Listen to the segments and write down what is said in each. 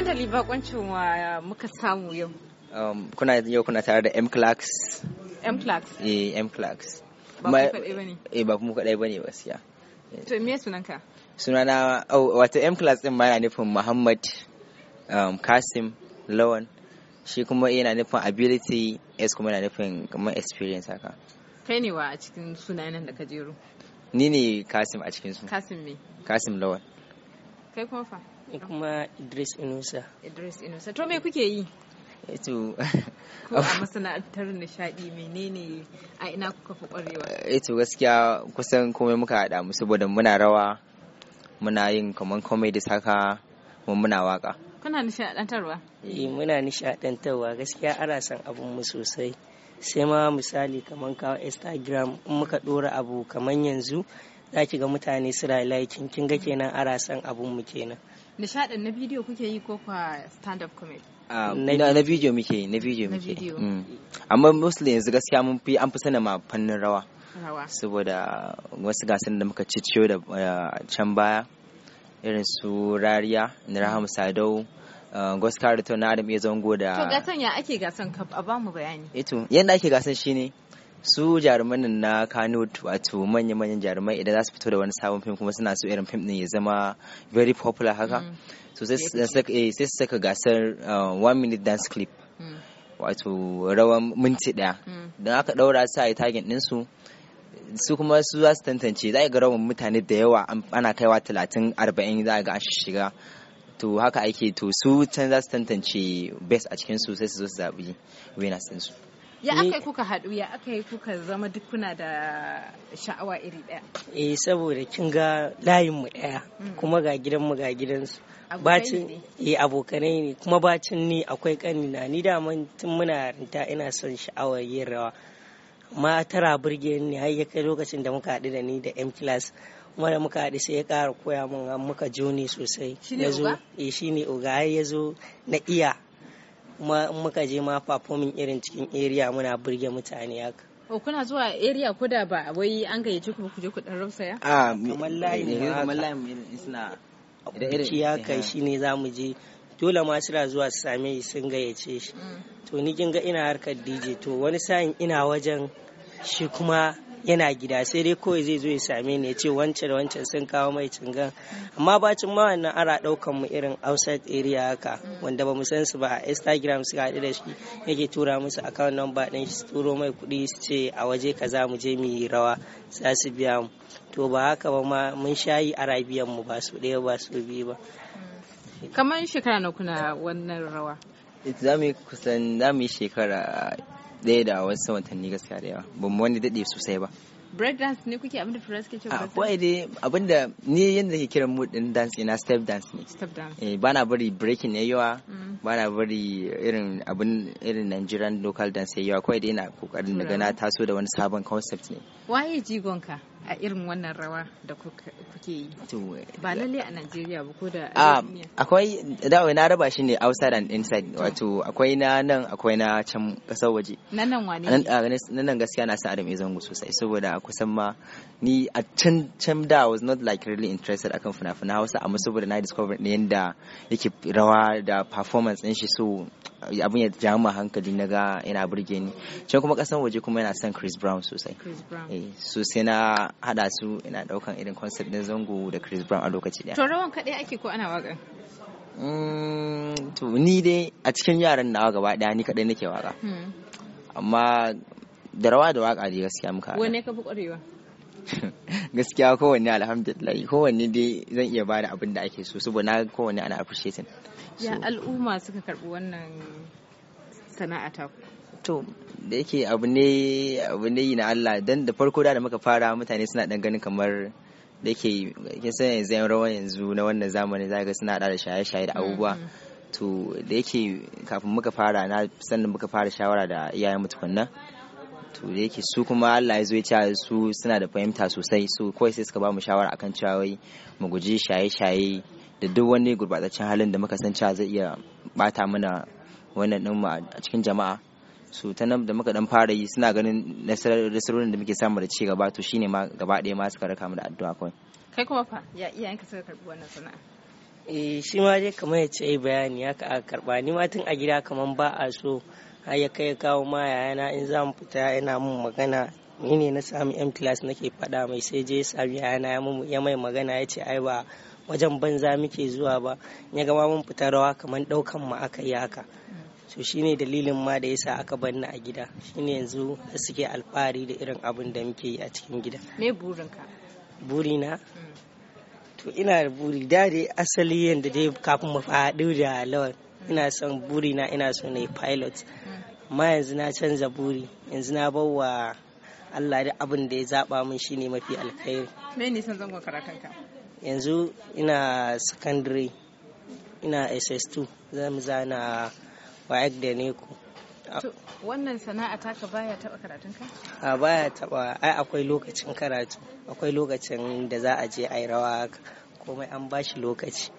dandali bakoncin wa muka samu yau. Um, kuna yau kuna tare da M Clarks. M Clarks. Eh M Clarks. Ba ku kadai bane. Eh ba mu kadai bane gaskiya. Eh. To me sunanka? Sunana oh, wato M Clarks din ma yana nufin Muhammad um, Kasim Lawan shi kuma yana nufin ability S kuma yana nufin kamar experience haka. Kai ne wa a cikin sunayen da ka jero? Ni ne Kasim a cikin su. Kasim me? Kasim Lawan. Kai kuma fa? kuma Idris Inusa. Idris Inusa. To me kuke yi? Eto. Eh, Ko a masana'antar nishadi menene a ina kuka fi kwarewa? Eto eh, gaskiya kusan komai muka haɗa mu saboda muna rawa muna yin kaman comedy saka kuma muna waka. Kuna nishadantarwa? Eh muna nishadantarwa gaskiya ana son abun mu sosai. Sai ma misali kaman kawo Instagram in muka ɗora abu kaman yanzu za ki ga mutane suna laikin kin ga kenan ara son abun mu kenan. nishadin na bidiyo kuke yi ko kwa stand up comedy ah, na bidiyo muke yi na bidiyo muke mm. amma mostly yanzu gaskiya mun fi an fi sanin ma fannin rawa saboda wasu gasar da muka ciciyo da ah, can baya irin su rariya na rahama sadau ah, ta na adam iya zango da to gasan ya ake gasan ka ba mu bayani ito yanda ake gasan shine su jaruman na kano wato manya-manyan jarumai idan za su fito da wani sabon fim kuma suna so irin fim din ya zama very popular haka mm. so eh, sai su saka gasar uh, one minute dance clip mm. wato rawan minti daya mm. don aka daura su a yi tagin dinsu su kuma su za su tantance za a ga rawan mutane da yawa ana kaiwa talatin arba'in za a ga an shiga to haka ake to su can za su tantance best a cikin su sai su zo su zaɓi winners su ya eh. aka yi kuka haɗu ya aka yi kuka zama duk kuna da sha'awa iri ɗaya eh saboda kin ga layin mu ɗaya hmm. kuma ga gidan mu ga gidansu bacin eh abokanai ne kuma bacin ni akwai na ni da man tun muna rinta ina son sha'awar yin rawa amma tara burge ni har ya kai lokacin da muka haɗu da ni da M class kuma da muka haɗu sai ya ƙara koya mun muka jone sosai ya zo eh shine oga har ya na iya kuma in muka je ma performing irin cikin area muna burge mutane haka O oh, kuna zuwa area ko da ba wai an gayyace ku ku je ku dan rausa ya? A ah, kamar layi ne eh, kamar layi mu irin suna da irin ya kai shine zamu je dole ma zuwa su same shi sun gayyace shi. Mm. To ni kin ga ina harkar DJ to wani sa'in ina wajen shi kuma yana gida sai dai kawai zai zo ya same ni ya ce wance da wancan sun kawo mai cingan amma bacin ma wannan ara daukan mu irin outside area haka wanda ba mu san su ba a Instagram suka haɗu da shi yake tura musu account number din shi turo mai kuɗi su ce a waje kaza mu je mu yi rawa za su biya mu to ba haka ba ma mun shayi arabiyan mu ba su ɗaya ba su biyu ba kamar shekara na kuna wannan rawa za mu yi kusan za mu yi shekara ɗaya da wasu watanni gaskiya da yawa ba mu wani daɗe sosai ba break dance ne kuke abinda turai suke cewa ah, ai dai abinda ni yadda ke kiran mu din dance ina step dance ne step dance eh bana bari breaking ne yawa mm. bana bari irin abin irin Nigerian local dance yawa kawai dai ina kokarin daga na taso da wani sabon concept ne waye jigonka a irin wannan rawa da kuke yi ba lalle a Najeriya ba ko da ah, akwai wai na raba shi ne outside and inside wato akwai na nan akwai na can kasar waje nan nan wane nan gaskiya na sa Adam Ezangu sosai saboda kusan ma ni a can can da I was not like really interested akan fina-finan Hausa amma saboda na discover ne yanda yake rawa da performance din shi so abin ya ja mu hankali na ga yana burge ni can kuma kasan waje kuma yana son Chris Brown sosai eh, so sai na hada su ina daukan irin concept din zango da Chris Brown a lokaci daya to rawan kadai ake ko ana waka mm, to ni dai a cikin yaran nawa gaba daya ni kadai nake waka hmm. amma da rawa da waka dai gaskiya muka wanne ka fi kwarewa gaskiya kowanne alhamdulillah kowanne dai zan iya bada abin da ake so saboda na kowanne ana appreciating ya al'umma suka karbi wannan sana'a ta to da yake abu ne abu ne na Allah dan da farko da muka fara mutane suna dan ganin kamar da yake kin san yanzu yan rawa yanzu na wannan zamanin ga suna da shaye-shaye da abubuwa mm-hmm. to da yake kafin muka fara na sannan muka fara shawara da iyayen mutukunna to da yake su kuma Allah ya zo ya ce su suna da fahimta sosai su kawai sai suka ba mu shawara akan cewa wai mu guji shaye-shaye da duk wani gurbataccen halin da muka san cewa zai iya bata mana wannan din a cikin jama'a su ta nan da muka dan fara yi suna ganin nasarorin da muke samu da ci gaba to shine ma gaba ɗaya ma suka raka mu da addu'a kawai kai kuma fa ya iyayenka suka karbi wannan sana'a eh shi ma dai kamar ya ce bayani haka aka karba ni ma tun a gida kamar ba a so har ya kai kawo ma yayana in za mu fita yana mun magana ni ne na sami m class nake faɗa mai sai je sami yayana ya mai magana ya ce ai ba wajen banza muke zuwa ba ya gama mun fita rawa kamar ɗaukan mu aka yi haka to shine dalilin ma da yasa aka banni a gida shine yanzu suke alfahari da irin abin da muke yi a cikin gida me burinka burina mm. to ina da buri da dai asali yadda dai kafin mu faɗi da lawan ina son buri na ina son na yi pilot amma yanzu na canza buri yanzu na bawa Allah da abin da ya zaba min shine mafi alkhairi me ne san zango karatunka yanzu ina secondary ina ss2 zan zana waec da neko wannan sana'a taka baya taba karatunka a baya taba ai akwai lokacin karatu akwai lokacin da za a je a yi rawa komai an bashi lokaci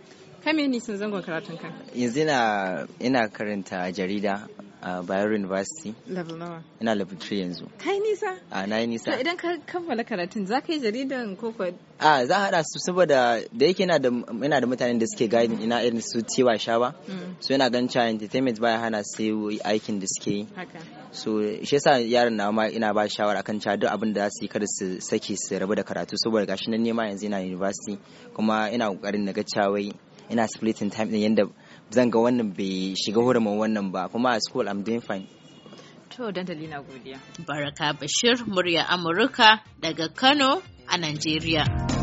Ka ne sun zangon karatun ka? Yanzu ina ina karanta jarida a Bayero University. Level nawa? Ina level 3 yanzu. Kai nisa? A na yi nisa. idan ka kammala karatun za ka yi jaridan ko A za a haɗa su saboda da yake ina da ina da mutanen da suke guiding ina irin su Tiwa ba. Mm. So ina ganin cewa entertainment baya hana su aikin da suke yi. Haka. So shi yasa yaran na ma ina ba shawara akan cewa duk abin da za su yi kada su sake su rabu da karatu saboda gashi nan nema yanzu ina university kuma ina kokarin na ga cewa ina splitting time din yanda zan ga wannan bai shiga hurumin wannan ba kuma a school I'm doing fine to dandali na godiya baraka bashir murya amurka daga kano a Najeriya.